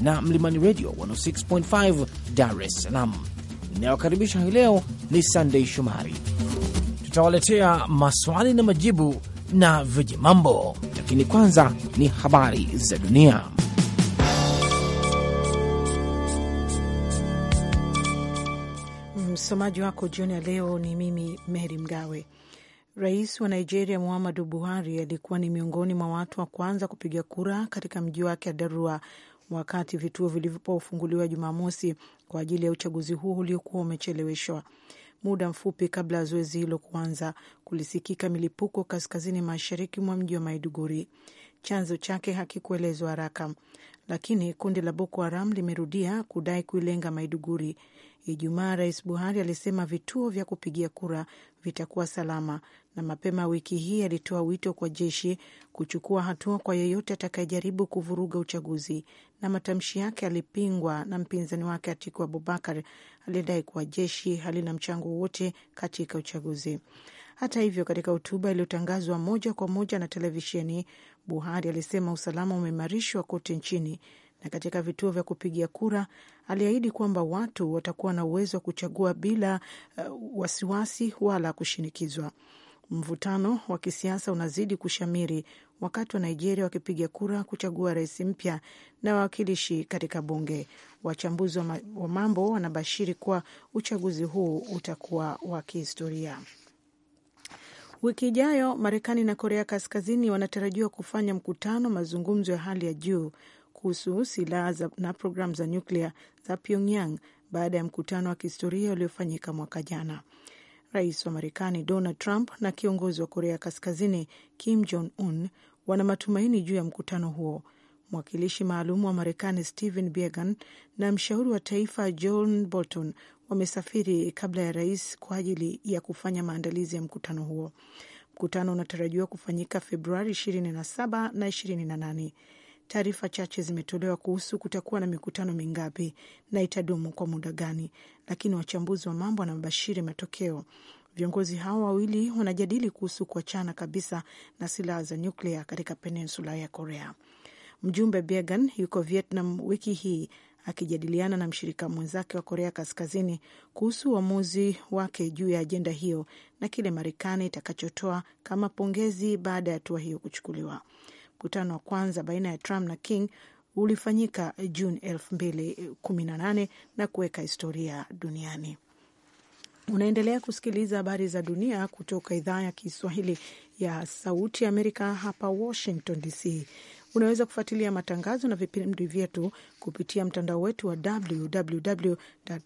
na Mlimani Radio 106.5 Dar es Salaam. Inayokaribisha hii leo ni Sandei Shomari. Tutawaletea maswali na majibu na vijimambo, lakini kwanza ni habari za dunia. Msomaji wako jioni ya leo ni mimi Meri Mgawe. Rais wa Nigeria Muhammadu Buhari alikuwa ni miongoni mwa watu wa kwanza kupiga kura katika mji wake wa Darua wakati vituo vilipofunguliwa Jumamosi kwa ajili ya uchaguzi huo uliokuwa umecheleweshwa. Muda mfupi kabla ya zoezi hilo kuanza, kulisikika milipuko kaskazini mashariki mwa mji wa Maiduguri. Chanzo chake hakikuelezwa haraka, lakini kundi la Boko Haram limerudia kudai kuilenga Maiduguri. Ijumaa, Rais Buhari alisema vituo vya kupigia kura vitakuwa salama na mapema wiki hii alitoa wito kwa jeshi kuchukua hatua kwa yeyote atakayejaribu kuvuruga uchaguzi, na matamshi yake alipingwa na mpinzani wake Atiku Abubakar aliyedai kuwa jeshi halina mchango wowote katika uchaguzi. Hata hivyo, katika hotuba iliyotangazwa moja kwa moja na televisheni, Buhari alisema usalama umeimarishwa kote nchini na katika vituo vya kupigia kura aliahidi kwamba watu watakuwa na uwezo wa kuchagua bila uh, wasiwasi wala kushinikizwa. Mvutano wa kisiasa unazidi kushamiri wakati wa Nigeria wakipiga kura kuchagua rais mpya na wawakilishi katika bunge. Wachambuzi wa mambo wanabashiri kuwa uchaguzi huu utakuwa wa kihistoria. Wiki ijayo Marekani na Korea Kaskazini wanatarajiwa kufanya mkutano, mazungumzo ya hali ya juu kuhusu silaha na programu za nyuklia za Pyongyang baada ya mkutano wa kihistoria uliofanyika mwaka jana. Rais wa Marekani Donald Trump na kiongozi wa Korea Kaskazini Kim Jong Un wana matumaini juu ya mkutano huo. Mwakilishi maalum wa Marekani Stephen Biegun na mshauri wa taifa John Bolton wamesafiri kabla ya rais kwa ajili ya kufanya maandalizi ya mkutano huo. Mkutano unatarajiwa kufanyika Februari 27 na 28. Taarifa chache zimetolewa kuhusu kutakuwa na mikutano mingapi na itadumu kwa muda gani, lakini wachambuzi wa mambo wanabashiri matokeo. Viongozi hao wawili wanajadili kuhusu kuachana kabisa na silaha za nyuklia katika peninsula ya Korea. Mjumbe began yuko Vietnam wiki hii akijadiliana na mshirika mwenzake wa Korea Kaskazini kuhusu uamuzi wake juu ya ajenda hiyo na kile Marekani itakachotoa kama pongezi baada ya hatua hiyo kuchukuliwa. Mkutano wa kwanza baina ya Trump na King ulifanyika Juni 2018 na kuweka historia duniani. Unaendelea kusikiliza habari za dunia kutoka idhaa ya Kiswahili ya Sauti ya Amerika, hapa Washington DC. Unaweza kufuatilia matangazo na vipindi vyetu kupitia mtandao wetu wa www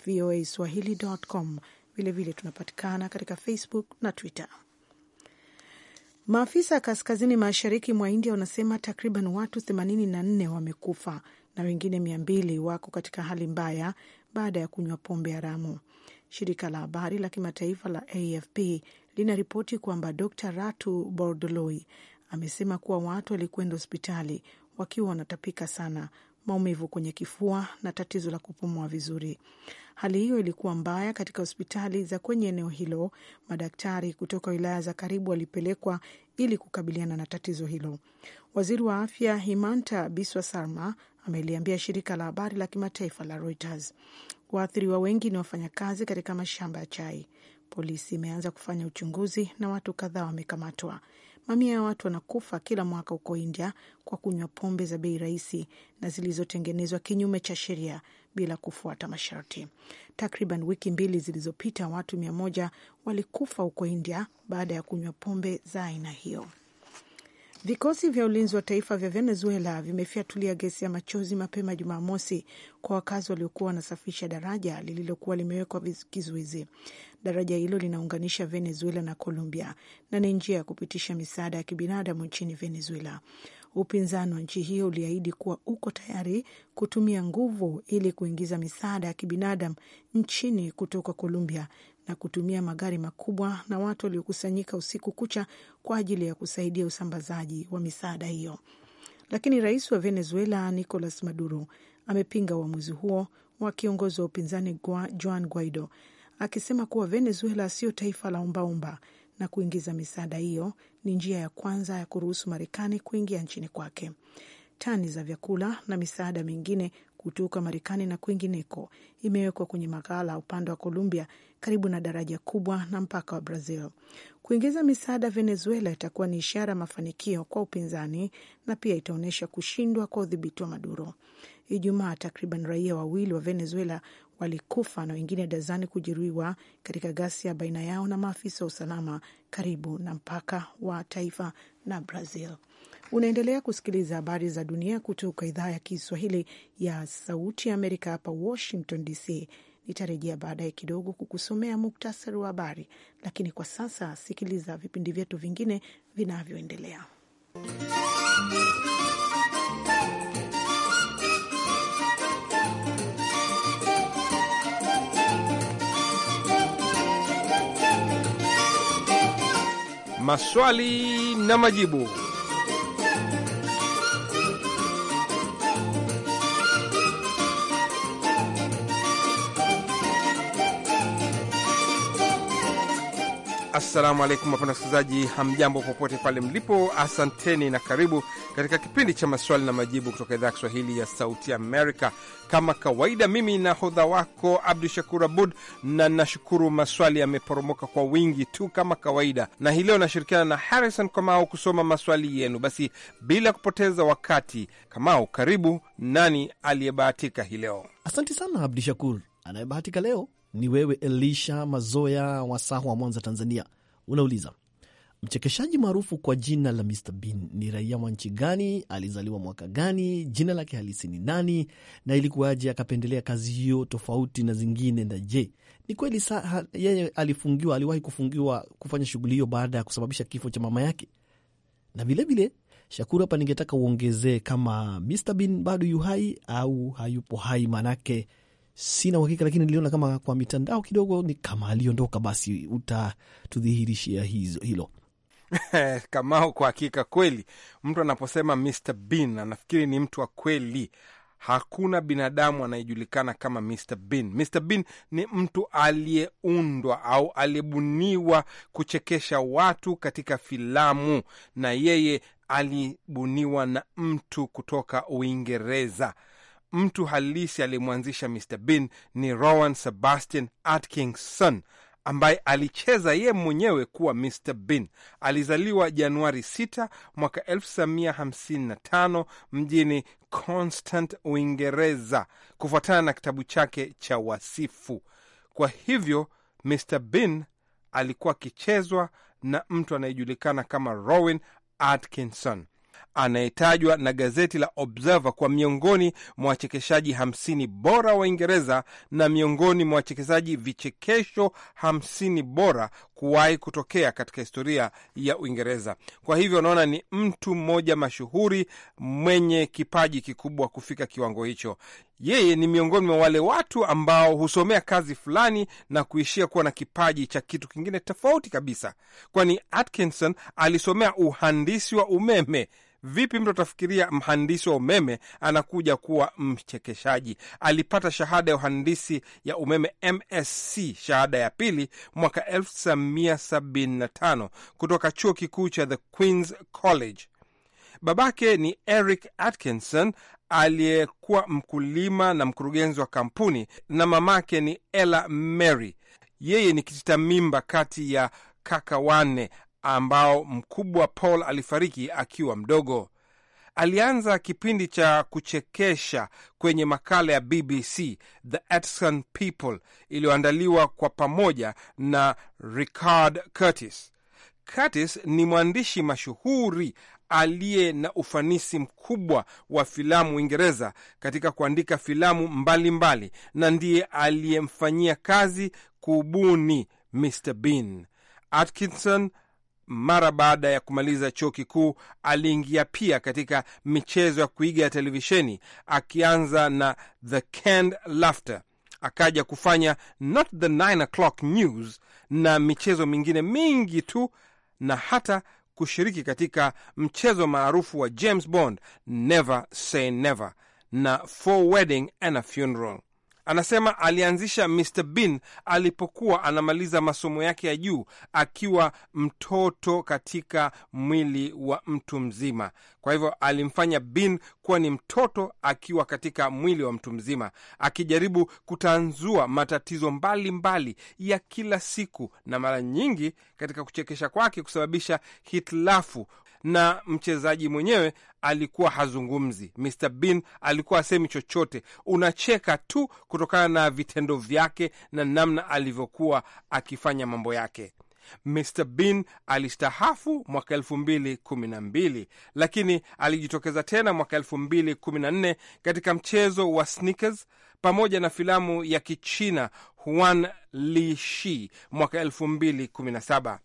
voa swahili com. Vilevile tunapatikana katika Facebook na Twitter. Maafisa kaskazini mashariki mwa India wanasema takriban watu 84 wamekufa na wengine 200 wako katika hali mbaya baada ya kunywa pombe haramu. Shirika la habari la kimataifa la AFP linaripoti kwamba Dr Ratu Bordoloi amesema kuwa watu walikwenda hospitali wakiwa wanatapika sana, maumivu kwenye kifua na tatizo la kupumua vizuri. Hali hiyo ilikuwa mbaya katika hospitali za kwenye eneo hilo. Madaktari kutoka wilaya za karibu walipelekwa ili kukabiliana na tatizo hilo. Waziri wa afya Himanta Biswa Sarma ameliambia shirika la habari la kimataifa la Reuters waathiriwa wengi ni wafanyakazi katika mashamba ya chai. Polisi imeanza kufanya uchunguzi na watu kadhaa wamekamatwa. Mamia ya watu wanakufa kila mwaka huko India kwa kunywa pombe za bei rahisi na zilizotengenezwa kinyume cha sheria bila kufuata masharti. Takriban wiki mbili zilizopita, watu mia moja walikufa huko India baada ya kunywa pombe za aina hiyo. Vikosi vya ulinzi wa taifa vya Venezuela vimefyatulia gesi ya machozi mapema Jumamosi kwa wakazi waliokuwa wanasafisha daraja lililokuwa limewekwa kizuizi. Daraja hilo linaunganisha Venezuela na Colombia na ni njia ya kupitisha misaada ya kibinadamu nchini Venezuela. Upinzani wa nchi hiyo uliahidi kuwa uko tayari kutumia nguvu ili kuingiza misaada ya kibinadamu nchini kutoka Colombia na kutumia magari makubwa na watu waliokusanyika usiku kucha kwa ajili ya kusaidia usambazaji wa misaada hiyo. Lakini rais wa Venezuela Nicolas Maduro amepinga uamuzi huo wa kiongozi wa upinzani Juan Guaido akisema kuwa Venezuela sio taifa la umbaumba na kuingiza misaada hiyo ni njia ya kwanza ya kuruhusu Marekani kuingia nchini kwake. Tani za vyakula na misaada mingine kutoka Marekani na kwingineko imewekwa kwenye maghala upande wa Colombia karibu na daraja kubwa na mpaka wa Brazil. Kuingiza misaada Venezuela itakuwa ni ishara ya mafanikio kwa upinzani na pia itaonyesha kushindwa kwa udhibiti wa Maduro. Ijumaa, takriban raia wawili wa Venezuela walikufa na wengine dazani kujeruhiwa katika ghasia baina yao na maafisa wa usalama karibu na mpaka wa taifa na Brazil. Unaendelea kusikiliza habari za dunia kutoka idhaa ya Kiswahili ya Sauti ya Amerika hapa Washington DC. Nitarejea baadaye kidogo kukusomea muktasari wa habari, lakini kwa sasa sikiliza vipindi vyetu vingine vinavyoendelea. Maswali na majibu. Assalamu alaikum wapenda wasikilizaji, hamjambo popote pale mlipo, asanteni na karibu katika kipindi cha maswali na majibu kutoka idhaa ya Kiswahili ya Sauti Amerika. Kama kawaida, mimi na hodha wako Abdu Shakur Abud, na nashukuru maswali yameporomoka kwa wingi tu kama kawaida, na hii leo nashirikiana na Harrison Kamau kusoma maswali yenu. Basi bila kupoteza wakati, Kamau karibu. Nani aliyebahatika hii leo? Asante sana Abdu Shakur. Anayebahatika leo ni wewe Elisha Mazoya wa Sahwa, Mwanza, Tanzania. Unauliza, mchekeshaji maarufu kwa jina la Mr Bean ni raia wa nchi gani? Alizaliwa mwaka gani? Jina lake halisi ni nani? Na ilikuwaje akapendelea kazi hiyo tofauti na zingine? Na je, ni kweli yeye alifungiwa, aliwahi kufungiwa kufanya shughuli hiyo baada ya kusababisha kifo cha mama yake? Na vilevile Shakuru, hapa ningetaka uongezee kama Mr Bean bado yu hai au hayupo hai, maanake sina uhakika, lakini niliona kama kwa mitandao kidogo ni kama aliondoka. Basi utatudhihirishia hilo. Kamao, kwa hakika kweli, mtu anaposema Mr Bean anafikiri ni mtu wa kweli. Hakuna binadamu anayejulikana kama Mr Bean. Mr Bean ni mtu aliyeundwa au aliyebuniwa kuchekesha watu katika filamu, na yeye alibuniwa na mtu kutoka Uingereza mtu halisi alimwanzisha Mr Bean ni Rowan Sebastian Atkinson ambaye alicheza ye mwenyewe kuwa Mr Bean. Alizaliwa Januari 6 mwaka 1955 mjini Constant, Uingereza, kufuatana na kitabu chake cha wasifu. Kwa hivyo Mr Bean alikuwa akichezwa na mtu anayejulikana kama Rowan Atkinson anayetajwa na gazeti la Observer kwa miongoni mwa wachekeshaji hamsini bora wa Uingereza na miongoni mwa wachekeshaji vichekesho hamsini bora kuwahi kutokea katika historia ya Uingereza. Kwa hivyo unaona, ni mtu mmoja mashuhuri mwenye kipaji kikubwa kufika kiwango hicho. Yeye ni miongoni mwa wale watu ambao husomea kazi fulani na kuishia kuwa na kipaji cha kitu kingine tofauti kabisa, kwani Atkinson alisomea uhandisi wa umeme Vipi mtu atafikiria mhandisi wa umeme anakuja kuwa mchekeshaji? Alipata shahada ya uhandisi ya umeme MSc, shahada ya pili mwaka 1975 kutoka chuo kikuu cha The Queen's College. Babake ni Eric Atkinson aliyekuwa mkulima na mkurugenzi wa kampuni, na mamake ni Ella Mary. Yeye ni kitita mimba kati ya kaka wanne ambao mkubwa Paul alifariki akiwa mdogo. Alianza kipindi cha kuchekesha kwenye makala ya BBC The Atkinson People iliyoandaliwa kwa pamoja na Richard Curtis. Curtis ni mwandishi mashuhuri aliye na ufanisi mkubwa wa filamu Uingereza katika kuandika filamu mbalimbali, na ndiye aliyemfanyia kazi kubuni Mr Bean. Atkinson mara baada ya kumaliza chuo kikuu, aliingia pia katika michezo ya kuiga ya televisheni, akianza na The Canned Laughter, akaja kufanya Not the 9 O'Clock News na michezo mingine mingi tu, na hata kushiriki katika mchezo maarufu wa James Bond, Never Say Never na for Wedding and a Funeral. Anasema alianzisha Mr Bean alipokuwa anamaliza masomo yake ya juu akiwa mtoto katika mwili wa mtu mzima. Kwa hivyo alimfanya Bean kuwa ni mtoto akiwa katika mwili wa mtu mzima, akijaribu kutanzua matatizo mbalimbali mbali ya kila siku, na mara nyingi katika kuchekesha kwake kusababisha hitilafu na mchezaji mwenyewe alikuwa hazungumzi. Mr Bean alikuwa asemi chochote, unacheka tu kutokana na vitendo vyake na namna alivyokuwa akifanya mambo yake. Mr Bean alistahafu mwaka elfu mbili kumi na mbili lakini alijitokeza tena mwaka elfu mbili kumi na nne katika mchezo wa sneakers pamoja na filamu ya Kichina Huan Lishi mwaka elfu mbili kumi na saba.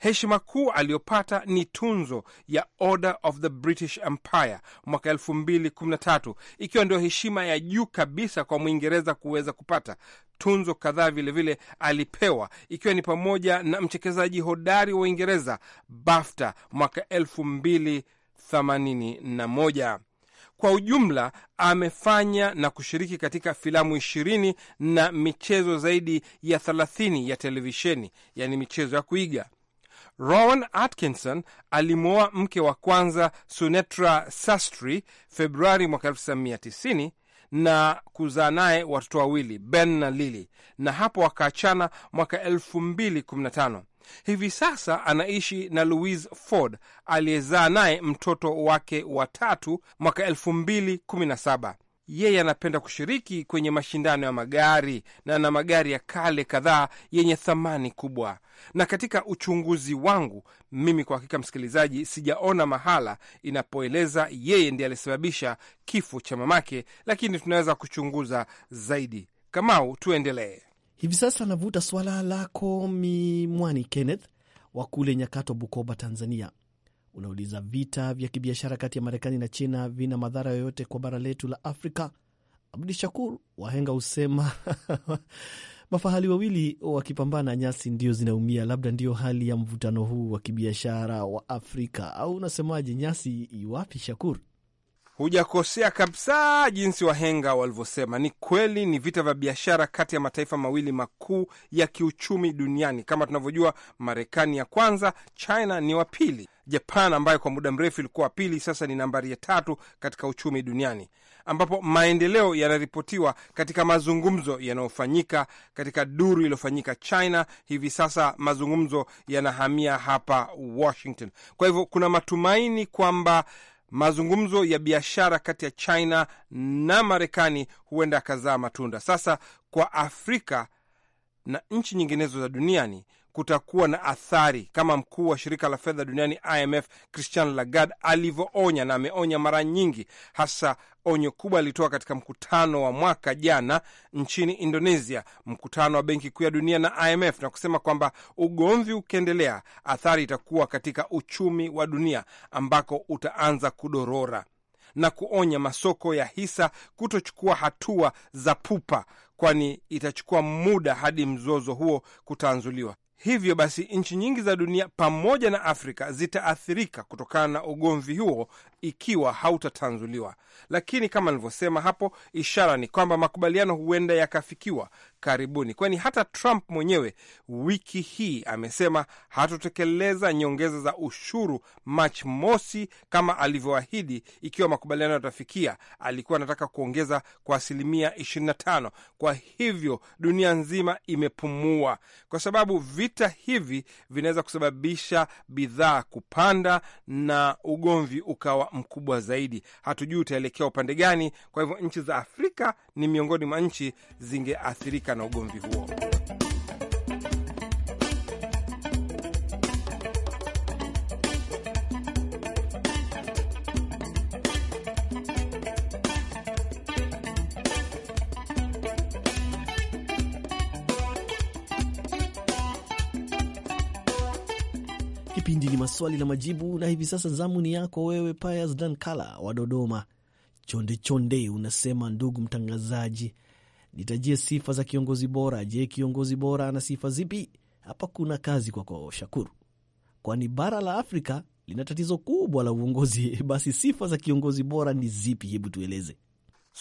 Heshima kuu aliyopata ni tunzo ya Order of the British Empire mwaka 2013 ikiwa ndio heshima ya juu kabisa kwa Mwingereza kuweza kupata. Tunzo kadhaa vilevile alipewa ikiwa ni pamoja na mchekezaji hodari wa Uingereza BAFTA mwaka 2081. Kwa ujumla amefanya na kushiriki katika filamu ishirini na michezo zaidi ya thelathini ya televisheni, yani michezo ya kuiga. Rowan Atkinson alimwoa mke wa kwanza Sunetra Sastry Februari mwaka 1990 na kuzaa naye watoto wawili Ben na Lili, na hapo wakaachana mwaka 2015. Hivi sasa anaishi na Louise Ford aliyezaa naye mtoto wake wa tatu mwaka 2017 yeye anapenda kushiriki kwenye mashindano ya magari na na magari ya kale kadhaa yenye thamani kubwa. Na katika uchunguzi wangu mimi, kwa hakika, msikilizaji, sijaona mahala inapoeleza yeye ndiye alisababisha kifo cha mamake, lakini tunaweza kuchunguza zaidi. Kamau, tuendelee. Hivi sasa navuta swala lako Mimwani Kenneth wa kule Nyakato, Bukoba, Tanzania. Unauliza, vita vya kibiashara kati ya Marekani na China vina madhara yoyote kwa bara letu la Afrika? Abdu Shakur wahenga husema mafahali wawili wakipambana nyasi ndio zinaumia. Labda ndio hali ya mvutano huu wa kibiashara wa Afrika, au unasemaje? Nyasi iwapi, Shakur? Hujakosea kabisa jinsi wahenga walivyosema. Ni kweli, ni vita vya biashara kati ya mataifa mawili makuu ya kiuchumi duniani. Kama tunavyojua, Marekani ya kwanza, China ni wa pili. Japan ambayo kwa muda mrefu ilikuwa wa pili, sasa ni nambari ya tatu katika uchumi duniani, ambapo maendeleo yanaripotiwa katika mazungumzo yanayofanyika katika duru iliyofanyika China. Hivi sasa mazungumzo yanahamia hapa Washington. Kwa hivyo kuna matumaini kwamba mazungumzo ya biashara kati ya China na Marekani huenda akazaa matunda. Sasa kwa Afrika na nchi nyinginezo za duniani kutakuwa na athari, kama mkuu wa shirika la fedha duniani IMF Christian Lagarde alivyoonya, na ameonya mara nyingi, hasa onyo kubwa alitoa katika mkutano wa mwaka jana nchini Indonesia, mkutano wa Benki Kuu ya Dunia na IMF, na kusema kwamba ugomvi ukiendelea, athari itakuwa katika uchumi wa dunia ambako utaanza kudorora na kuonya masoko ya hisa kutochukua hatua za pupa, kwani itachukua muda hadi mzozo huo kutanzuliwa. Hivyo basi nchi nyingi za dunia pamoja na Afrika zitaathirika kutokana na ugomvi huo ikiwa hautatanzuliwa. Lakini kama nilivyosema hapo, ishara ni kwamba makubaliano huenda yakafikiwa karibuni, kwani hata Trump mwenyewe wiki hii amesema hatotekeleza nyongeza za ushuru Machi mosi kama alivyoahidi ikiwa makubaliano yatafikia. Alikuwa anataka kuongeza kwa asilimia 25. Kwa hivyo dunia nzima imepumua, kwa sababu vita hivi vinaweza kusababisha bidhaa kupanda na ugomvi ukawa mkubwa zaidi. Hatujui utaelekea upande gani. Kwa hivyo nchi za Afrika ni miongoni mwa nchi zingeathirika na ugomvi huo. Kipindi ni maswali na majibu, na hivi sasa zamu ni yako wewe, Pius Dankala wa Dodoma. Chonde chonde unasema, ndugu mtangazaji, nitajie sifa za kiongozi bora. Je, kiongozi bora ana sifa zipi? Hapa kuna kazi kwako Shakuru, kwani bara la Afrika lina tatizo kubwa la uongozi. Basi sifa za kiongozi bora ni zipi? Hebu tueleze.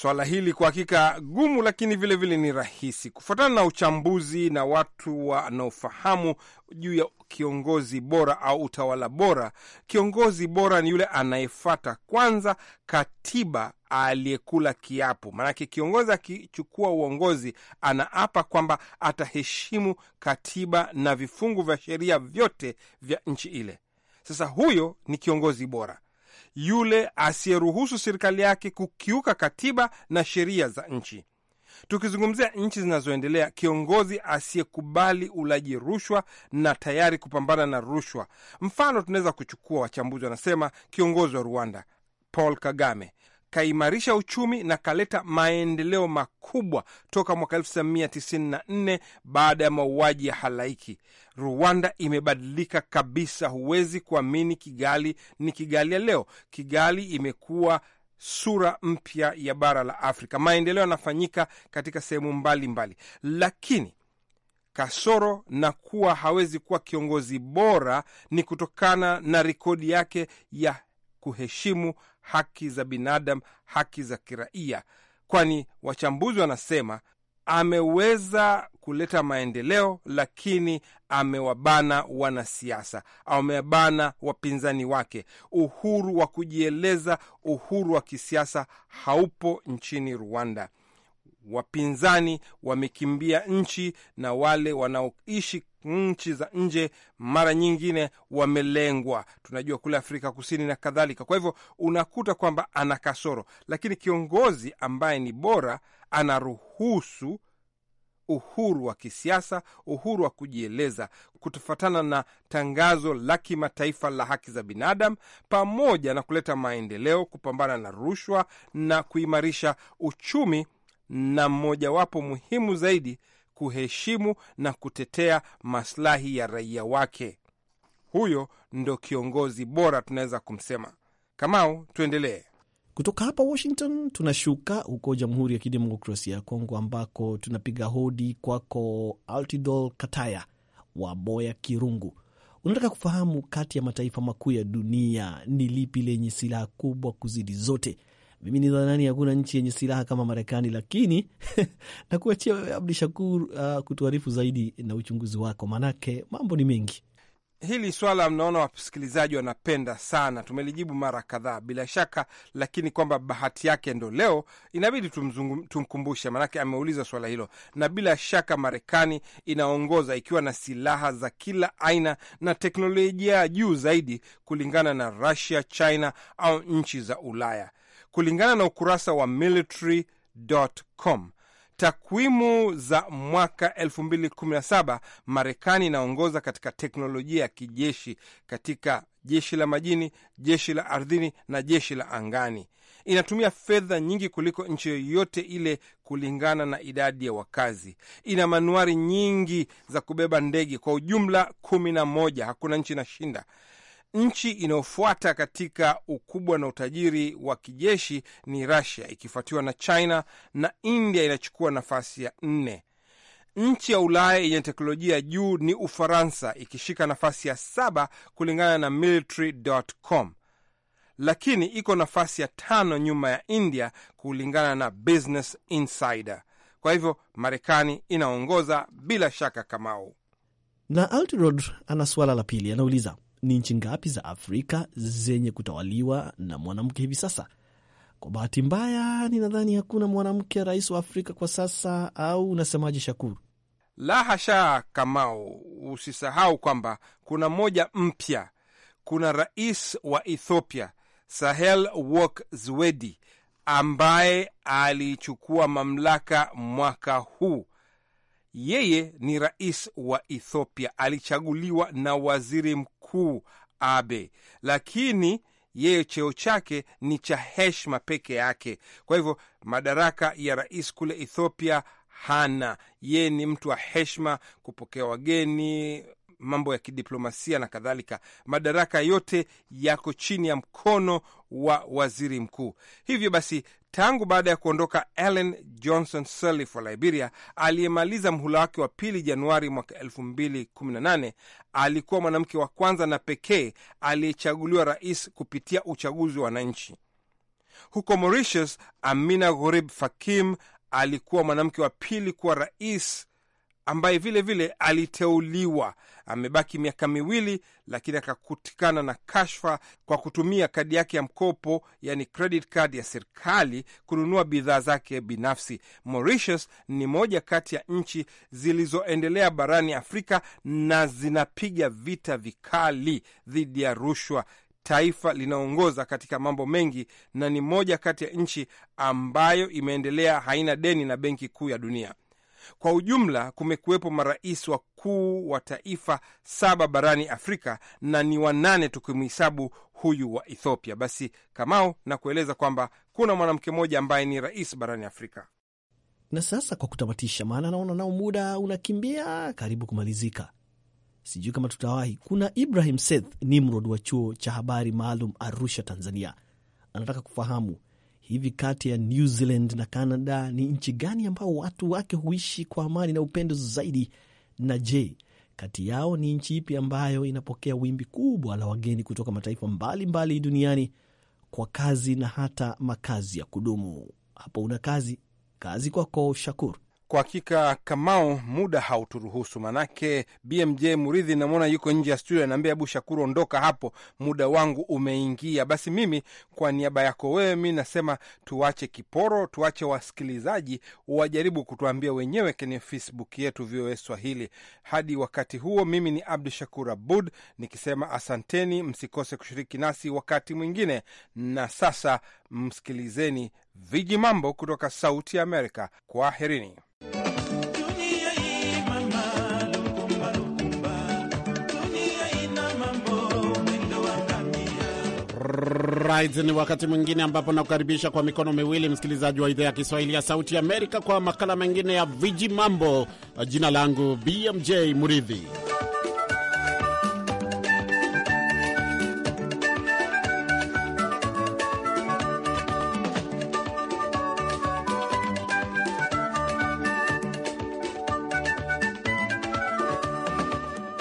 Swala hili kwa hakika gumu, lakini vilevile vile ni rahisi kufuatana na uchambuzi na watu wanaofahamu juu ya kiongozi bora au utawala bora. Kiongozi bora ni yule anayefata kwanza katiba, aliyekula kiapo. Maanake kiongozi akichukua uongozi, anaapa kwamba ataheshimu katiba na vifungu vya sheria vyote vya nchi ile. Sasa huyo ni kiongozi bora yule asiyeruhusu serikali yake kukiuka katiba na sheria za nchi. Tukizungumzia nchi zinazoendelea, kiongozi asiyekubali ulaji rushwa na tayari kupambana na rushwa, mfano tunaweza kuchukua, wachambuzi wanasema, kiongozi wa Rwanda Paul Kagame kaimarisha uchumi na kaleta maendeleo makubwa toka mwaka 1994 baada ya mauaji ya halaiki. Rwanda imebadilika kabisa, huwezi kuamini. Kigali ni Kigali ya leo. Kigali imekuwa sura mpya ya bara la Afrika. Maendeleo yanafanyika katika sehemu mbalimbali, lakini kasoro na kuwa hawezi kuwa kiongozi bora ni kutokana na rekodi yake ya kuheshimu haki za binadamu, haki za kiraia, kwani wachambuzi wanasema ameweza kuleta maendeleo, lakini amewabana wanasiasa, amewabana wapinzani wake. Uhuru wa kujieleza, uhuru wa kisiasa haupo nchini Rwanda wapinzani wamekimbia nchi na wale wanaoishi nchi za nje mara nyingine wamelengwa, tunajua kule Afrika Kusini na kadhalika. Kwa hivyo unakuta kwamba ana kasoro, lakini kiongozi ambaye ni bora anaruhusu uhuru wa kisiasa, uhuru wa kujieleza, kutofatana na tangazo la kimataifa la haki za binadamu, pamoja na kuleta maendeleo, kupambana na rushwa na kuimarisha uchumi na mmojawapo muhimu zaidi, kuheshimu na kutetea maslahi ya raia wake. Huyo ndo kiongozi bora tunaweza kumsema. Kamau, tuendelee. Kutoka hapa Washington tunashuka huko Jamhuri ya Kidemokrasia ya Kongo, ambako tunapiga hodi kwako Altidol Kataya wa Boya Kirungu. Unataka kufahamu kati ya mataifa makuu ya dunia ni lipi lenye silaha kubwa kuzidi zote mimi nidhanani hakuna nchi yenye silaha kama Marekani, lakini nakuachia wewe Abdu Shakur uh, kutuarifu zaidi na uchunguzi wako, manake mambo ni mengi. Hili swala mnaona, wasikilizaji wanapenda sana, tumelijibu mara kadhaa bila shaka, lakini kwamba bahati yake ndo leo inabidi tumkumbushe, maanake ameuliza swala hilo, na bila shaka Marekani inaongoza ikiwa na silaha za kila aina na teknolojia ya juu zaidi kulingana na Russia, China au nchi za Ulaya kulingana na ukurasa wa military.com. Takwimu za mwaka 2017 Marekani inaongoza katika teknolojia ya kijeshi katika jeshi la majini, jeshi la ardhini na jeshi la angani. Inatumia fedha nyingi kuliko nchi yoyote ile kulingana na idadi ya wakazi. Ina manuari nyingi za kubeba ndege, kwa ujumla kumi na moja. Hakuna nchi inashinda. Nchi inayofuata katika ukubwa na utajiri wa kijeshi ni Russia ikifuatiwa na China na India inachukua nafasi ya nne. Nchi ya Ulaya yenye teknolojia juu ni Ufaransa ikishika nafasi ya saba kulingana na military.com, lakini iko nafasi ya tano nyuma ya India kulingana na Business Insider. Kwa hivyo Marekani inaongoza bila shaka. Kamau na Altrod ana suala la pili, anauliza ni nchi ngapi za Afrika zenye kutawaliwa na mwanamke hivi sasa? Kwa bahati mbaya, ninadhani hakuna mwanamke rais wa Afrika kwa sasa, au unasemaje, Shakuru? La hasha, Kamao, usisahau kwamba kuna mmoja mpya. Kuna rais wa Ethiopia Sahel Work Zwedi ambaye alichukua mamlaka mwaka huu. Yeye ni rais wa Ethiopia, alichaguliwa na waziri mkuu mkuu Abe, lakini yeye cheo chake ni cha heshima peke yake. Kwa hivyo madaraka ya rais kule Ethiopia hana. Yeye ni mtu wa heshima, kupokea wageni, mambo ya kidiplomasia na kadhalika. Madaraka yote yako chini ya mkono wa waziri mkuu. Hivyo basi, tangu baada ya kuondoka Ellen Johnson Sirleaf wa Liberia, aliyemaliza mhula wake wa pili Januari mwaka 2018, alikuwa mwanamke wa kwanza na pekee aliyechaguliwa rais kupitia uchaguzi wa wananchi. Huko Mauritius, Amina Ghorib Fakim alikuwa mwanamke wa pili kuwa rais ambaye vile vile aliteuliwa. Amebaki miaka miwili, lakini akakutikana na kashfa kwa kutumia kadi yake ya mkopo, yani credit card ya serikali kununua bidhaa zake binafsi. Mauritius ni moja kati ya nchi zilizoendelea barani Afrika na zinapiga vita vikali dhidi ya rushwa taifa linaongoza katika mambo mengi na ni moja kati ya nchi ambayo imeendelea, haina deni na Benki Kuu ya Dunia. Kwa ujumla kumekuwepo marais wakuu wa taifa saba barani Afrika na ni wanane tukimhesabu huyu wa Ethiopia. Basi Kamau na kueleza kwamba kuna mwanamke mmoja ambaye ni rais barani Afrika. Na sasa kwa kutamatisha, maana naona nao muda unakimbia karibu kumalizika, sijui kama tutawahi. Kuna Ibrahim Seth Nimrod wa chuo cha habari maalum Arusha, Tanzania, anataka kufahamu hivi kati ya New Zealand na Canada ni nchi gani ambao watu wake huishi kwa amani na upendo zaidi? Na je, kati yao ni nchi ipi ambayo inapokea wimbi kubwa la wageni kutoka mataifa mbalimbali mbali duniani kwa kazi na hata makazi ya kudumu? Hapo una kazi kazi kwako, Shakur. Kwa hakika Kamao, muda hauturuhusu manake BMJ Muridhi namwona yuko nje ya studio, anaambia ebu Shakuru, ondoka hapo, muda wangu umeingia. Basi mimi kwa niaba yako wewe, mi nasema tuache kiporo, tuache wasikilizaji wajaribu kutuambia wenyewe kwenye Facebook yetu VOA Swahili. Hadi wakati huo, mimi ni Abdu Shakur Abud nikisema asanteni, msikose kushiriki nasi wakati mwingine, na sasa msikilizeni viji mambo kutoka Sauti ya Amerika. Kwaherini. Right, ni wakati mwingine ambapo nakukaribisha kwa mikono miwili msikilizaji wa idhaa ya Kiswahili ya Sauti Amerika kwa makala mengine ya viji mambo. Jina langu BMJ Muridhi.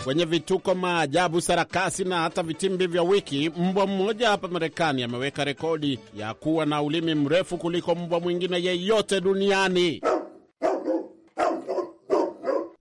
Kwenye vituko, maajabu, sarakasi na hata vitimbi vya wiki, mbwa mmoja hapa Marekani ameweka rekodi ya kuwa na ulimi mrefu kuliko mbwa mwingine yeyote duniani.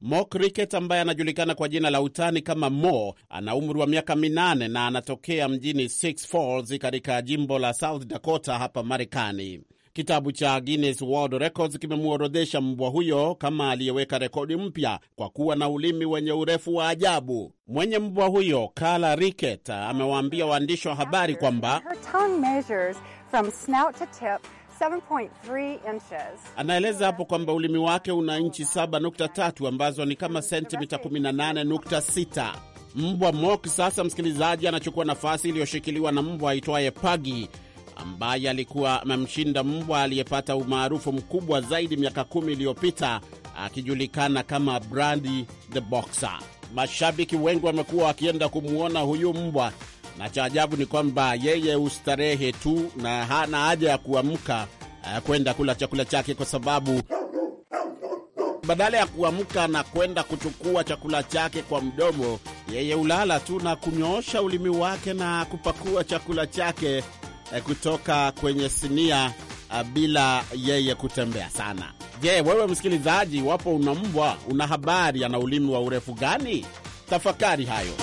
Mo Cricket ambaye anajulikana kwa jina la utani kama Mo ana umri wa miaka minane na anatokea mjini Sioux Falls katika jimbo la South Dakota hapa Marekani. Kitabu cha Guinness World Records kimemworodhesha mbwa huyo kama aliyeweka rekodi mpya kwa kuwa na ulimi wenye urefu wa ajabu. Mwenye mbwa huyo Kala riket amewaambia waandishi wa habari kwamba anaeleza hapo kwamba ulimi wake una inchi 7.3 ambazo ni kama sentimita 18.6. Mbwa Mok sasa, msikilizaji, anachukua nafasi iliyoshikiliwa na mbwa aitwaye Pagi ambaye alikuwa amemshinda mbwa aliyepata umaarufu mkubwa zaidi miaka kumi iliyopita akijulikana kama Brandi the Boxer. Mashabiki wengi wamekuwa wakienda kumwona huyu mbwa, na cha ajabu ni kwamba yeye ustarehe tu na hana haja ya kuamka eh, kwenda kula chakula chake kwa sababu badala ya kuamka na kwenda kuchukua chakula chake kwa mdomo, yeye ulala tu na kunyoosha ulimi wake na kupakua chakula chake Eh, kutoka kwenye sinia eh, bila yeye kutembea sana. Je, wewe msikilizaji, wapo una mbwa, una habari ana ulimi wa urefu gani? Tafakari hayo.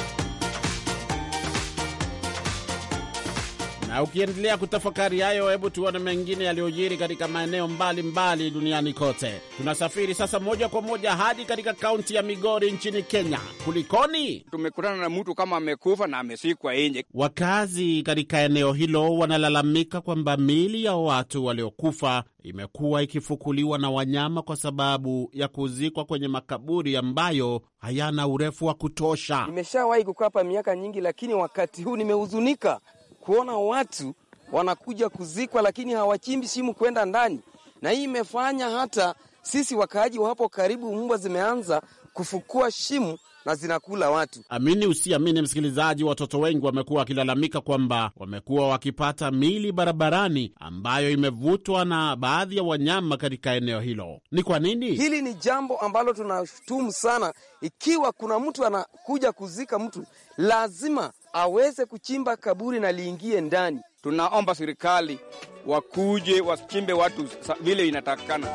Na ukiendelea kutafakari hayo, hebu tuone mengine yaliyojiri katika maeneo mbalimbali duniani kote. Tunasafiri sasa moja kwa moja hadi katika kaunti ya Migori nchini Kenya. Kulikoni? Tumekutana na mtu kama amekufa na amesikwa nje. Wakazi katika eneo hilo wanalalamika kwamba miili ya watu waliokufa imekuwa ikifukuliwa na wanyama kwa sababu ya kuzikwa kwenye makaburi ambayo hayana urefu wa kutosha. Nimeshawahi kukaa hapa miaka nyingi, lakini wakati huu nimehuzunika kuona watu wanakuja kuzikwa, lakini hawachimbi shimu kwenda ndani, na hii imefanya hata sisi wakaaji wa hapo karibu, mbwa zimeanza kufukua shimu na zinakula watu. Amini usiamini, msikilizaji, watoto wengi wamekuwa wakilalamika kwamba wamekuwa wakipata mili barabarani ambayo imevutwa na baadhi ya wanyama katika eneo hilo. Ni kwa nini? Hili ni jambo ambalo tunashutumu sana. Ikiwa kuna mtu anakuja kuzika mtu, lazima aweze kuchimba kaburi na liingie ndani. Tunaomba serikali wakuje wachimbe watu vile inatakikana.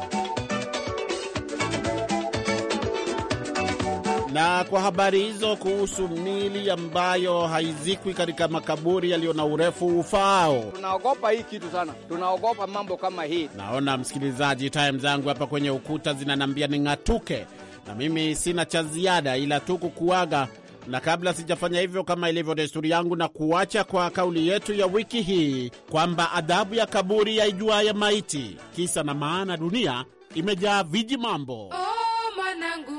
Na kwa habari hizo kuhusu mili ambayo haizikwi katika makaburi yaliyo na urefu ufaao, tunaogopa hii kitu sana, tunaogopa mambo kama hii. Naona msikilizaji, time zangu hapa kwenye ukuta zinanambia ning'atuke, na mimi sina cha ziada ila tu kukuaga na kabla sijafanya hivyo, kama ilivyo desturi yangu, na kuacha kwa kauli yetu ya wiki hii kwamba adhabu ya kaburi yaijua ya maiti, kisa na maana dunia imejaa viji mambo. Oh,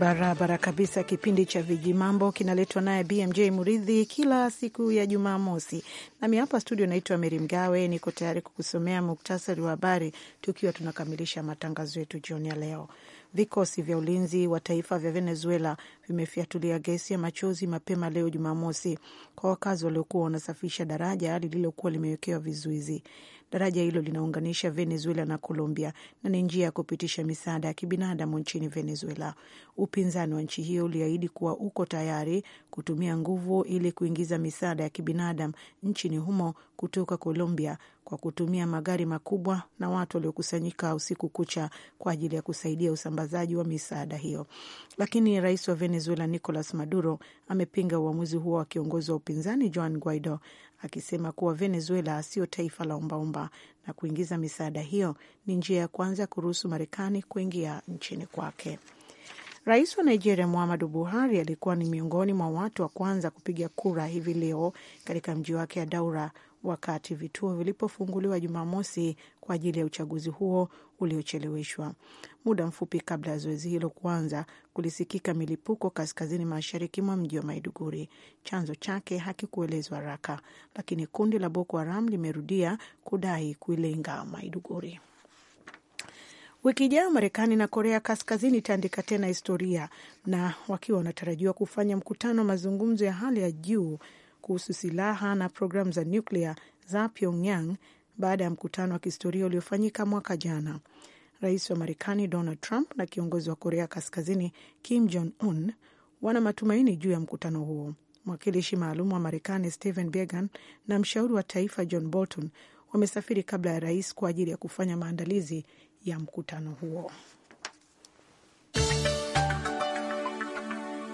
Barabara kabisa. Kipindi cha viji mambo kinaletwa naye BMJ Muridhi kila siku ya Jumamosi, nami hapa studio naitwa Meri Mgawe, niko tayari kukusomea muktasari wa habari tukiwa tunakamilisha matangazo yetu jioni ya leo. Vikosi vya ulinzi wa taifa vya Venezuela vimefyatulia gesi ya machozi mapema leo Jumamosi kwa wakazi waliokuwa wanasafisha daraja lililokuwa limewekewa vizuizi. Daraja hilo linaunganisha Venezuela na Colombia na ni njia ya kupitisha misaada ya kibinadamu nchini Venezuela. Upinzani wa nchi hiyo uliahidi kuwa uko tayari kutumia nguvu ili kuingiza misaada ya kibinadamu nchini humo kutoka Colombia kwa kutumia magari makubwa na watu waliokusanyika usiku kucha kwa ajili ya kusaidia usambazaji wa misaada hiyo. Lakini rais wa Venezuela Nicolas Maduro amepinga uamuzi huo wa kiongozi wa upinzani Juan Guaido akisema kuwa Venezuela sio taifa la umbaumba na kuingiza misaada hiyo ni njia ya kwanza ya kuruhusu Marekani kuingia nchini kwake. Rais wa Nigeria Muhammadu Buhari alikuwa ni miongoni mwa watu wa kwanza kupiga kura hivi leo katika mji wake Adaura Daura wakati vituo vilipofunguliwa Jumamosi kwa ajili ya uchaguzi huo uliocheleweshwa. Muda mfupi kabla ya zoezi hilo kuanza, kulisikika milipuko kaskazini mashariki mwa mji wa Maiduguri. Chanzo chake hakikuelezwa raka lakini kundi la Boko Haram limerudia kudai kuilenga Maiduguri. Wiki ijayo Marekani na Korea Kaskazini itaandika tena historia na wakiwa wanatarajiwa kufanya mkutano wa mazungumzo ya hali ya juu kuhusu silaha na programu za nyuklia za Pyongyang baada ya mkutano wa kihistoria uliofanyika mwaka jana. Rais wa Marekani Donald Trump na kiongozi wa Korea Kaskazini Kim Jong Un wana matumaini juu ya mkutano huo. Mwakilishi maalum wa Marekani Stephen began na mshauri wa taifa John Bolton wamesafiri kabla ya rais kwa ajili ya kufanya maandalizi ya mkutano huo.